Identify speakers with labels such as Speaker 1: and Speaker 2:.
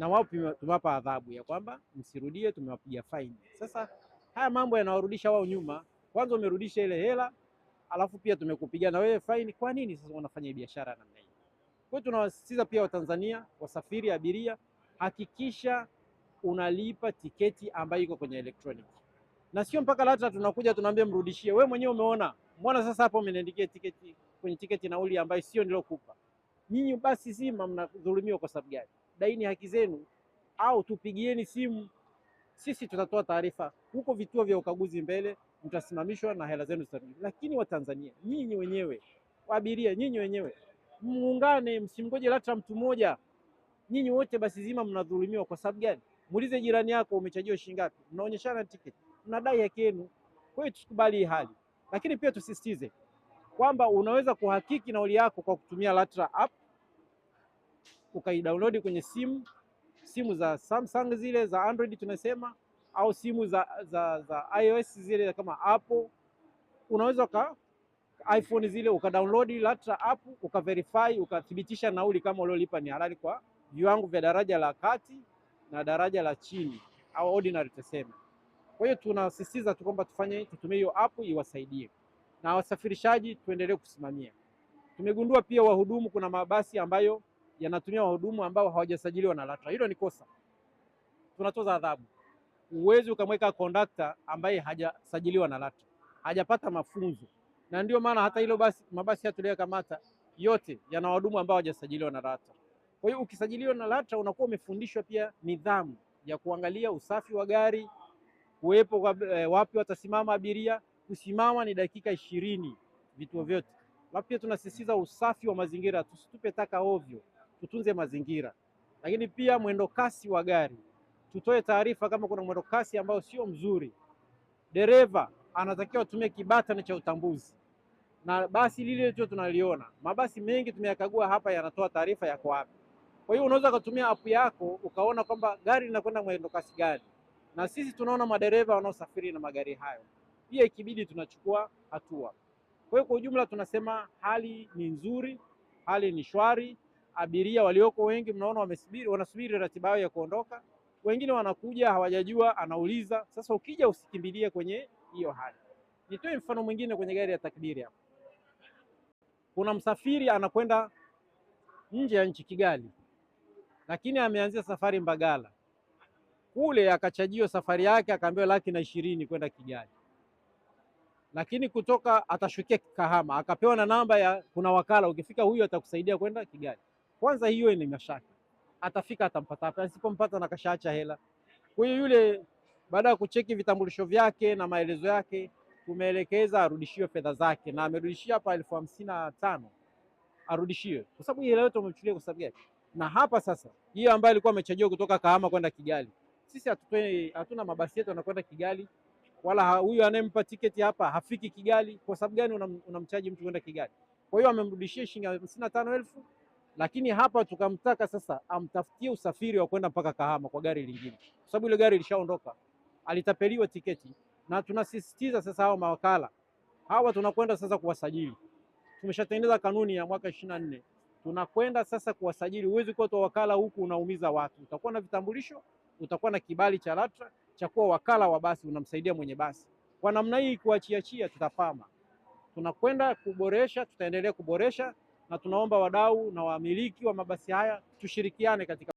Speaker 1: na wao tumewapa adhabu ya kwamba msirudie, tumewapiga faini. Sasa haya mambo yanawarudisha wao nyuma. Kwanza umerudisha ile hela, alafu pia tumekupiga na wewe faini. Kwa nini sasa unafanya biashara namna hii? Kwa hiyo tunawasisitiza pia Watanzania, wasafiri, abiria, hakikisha unalipa tiketi ambayo iko kwenye electronic, na sio mpaka LATRA tunakuja tunaambia mrudishie. Wewe mwenyewe umeona, mbona sasa hapo umeniandikia tiketi kwenye tiketi nauli ambayo sio nilokupa. Nyinyi basi zima mnadhulumiwa kwa sababu gani? daini haki zenu au tupigieni simu, sisi tutatoa taarifa huko vituo vya ukaguzi mbele, mtasimamishwa na hela zenu zitarudi. Lakini Watanzania nyinyi wenyewe, waabiria nyinyi wenyewe, muungane, msimgoje LATRA mtu mmoja. Nyinyi wote basi zima mnadhulumiwa. Kwa sababu gani? Muulize jirani yako umechajiwa shilingi ngapi, mnaonyeshana tiketi, mnadai haki yenu. Kwa hiyo tukubali hii hali, lakini pia tusisitize kwamba unaweza kuhakiki nauli yako kwa kutumia LATRA app ukaidownload kwenye simu, simu za Samsung zile za Android tunasema, au simu za, za, za iOS zile kama Apple, unaweza ka iPhone zile ukadownload LATRA app ukaverify, ukathibitisha nauli kama uliolipa ni halali kwa viwango vya daraja la kati na daraja la chini au ordinary tuseme. Kwa hiyo tunasisitiza tu kwamba tufanye, tutumie hiyo app iwasaidie, na wasafirishaji tuendelee kusimamia. Tumegundua pia wahudumu, kuna mabasi ambayo yanatumia wahudumu ambao hawajasajiliwa na LATRA. Hilo ni kosa, tunatoza adhabu. Huwezi ukamweka kondakta ambaye hajasajiliwa na LATRA, hajapata mafunzo, na ndio maana hata hilo basi, mabasi haya tuliyokamata yote yana wahudumu ambao hawajasajiliwa na LATRA. Kwa hiyo ukisajiliwa na LATRA unakuwa umefundishwa pia nidhamu ya kuangalia usafi wa gari, kuwepo eh, wapi watasimama abiria. Kusimama ni dakika ishirini vituo vyote. Alafu pia tunasisitiza usafi wa mazingira, tusitupe taka ovyo tutunze mazingira, lakini pia mwendo kasi wa gari tutoe taarifa kama kuna mwendo kasi ambao sio mzuri. Dereva anatakiwa atumie kibatani cha utambuzi, na basi lile tu tunaliona. Mabasi mengi tumeyakagua hapa, yanatoa taarifa yako wapi. Kwa hiyo unaweza ukatumia app yako ukaona kwamba gari linakwenda mwendo kasi gani, na sisi tunaona madereva wanaosafiri na magari hayo, pia ikibidi tunachukua hatua. Kwa hiyo kwa ujumla tunasema hali ni nzuri, hali ni shwari abiria walioko wengi mnaona wamesubiri, wanasubiri ratiba yao ya kuondoka, wengine wanakuja hawajajua, anauliza. Sasa ukija usikimbilie kwenye hiyo hali. Nitoe mfano mwingine kwenye gari ya takdiri hapa. Kuna msafiri anakwenda nje ya nchi Kigali, lakini ameanzia safari Mbagala kule, akachajiwa safari yake akaambiwa laki na ishirini kwenda Kigali, lakini kutoka atashukia Kahama, akapewa na namba ya kuna wakala, ukifika huyu atakusaidia kwenda Kigali. Kwanza hiyo ina mashaka, atafika atampata, asipompata na kashaacha hela. Kwa hiyo yule, baada ya kucheki vitambulisho vyake na maelezo yake, tumeelekeza arudishiwe fedha zake, na amerudishia hapa elfu hamsini na tano arudishiwe, kwa sababu hela yote umechukulia. Kwa sababu gani? Na hapa sasa, hiyo ambayo alikuwa amechajiwa kutoka Kahama kwenda Kigali, sisi hatutoi, hatuna mabasi yetu yanakwenda Kigali wala huyu anayempa tiketi hapa hafiki Kigali. Kwa sababu gani unamchaji una mtu kwenda Kigali? Kwa hiyo amemrudishia shilingi hamsini na tano elfu lakini hapa tukamtaka sasa amtafutie usafiri wa kwenda mpaka Kahama kwa gari lingine, kwa sababu ile gari ilishaondoka, alitapeliwa tiketi. Na tunasisitiza sasa hao mawakala hawa tunakwenda sasa kuwasajili. Tumeshatengeneza kanuni ya mwaka ishirini na nne tunakwenda sasa kuwasajili. Huwezi kuwa tu wakala huku unaumiza watu. Utakuwa na vitambulisho, utakuwa na kibali cha LATRA cha kuwa wakala wa basi, unamsaidia mwenye basi. Kwa namna hii kuachiachia, tutapama. Tunakwenda kuboresha, tutaendelea kuboresha na tunaomba wadau na wamiliki wa mabasi haya tushirikiane katika